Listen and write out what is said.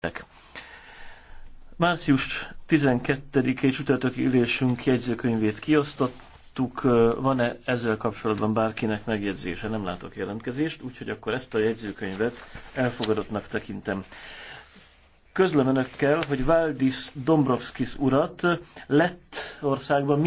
ennek. Március 12-i csütörtöki ülésünk jegyzőkönyvét kiosztottuk. Van-e ezzel kapcsolatban bárkinek megjegyzése? Nem látok jelentkezést, úgyhogy akkor ezt a jegyzőkönyvet elfogadottnak tekintem. Közlöm önökkel, hogy Valdis Dombrovskis urat lett országban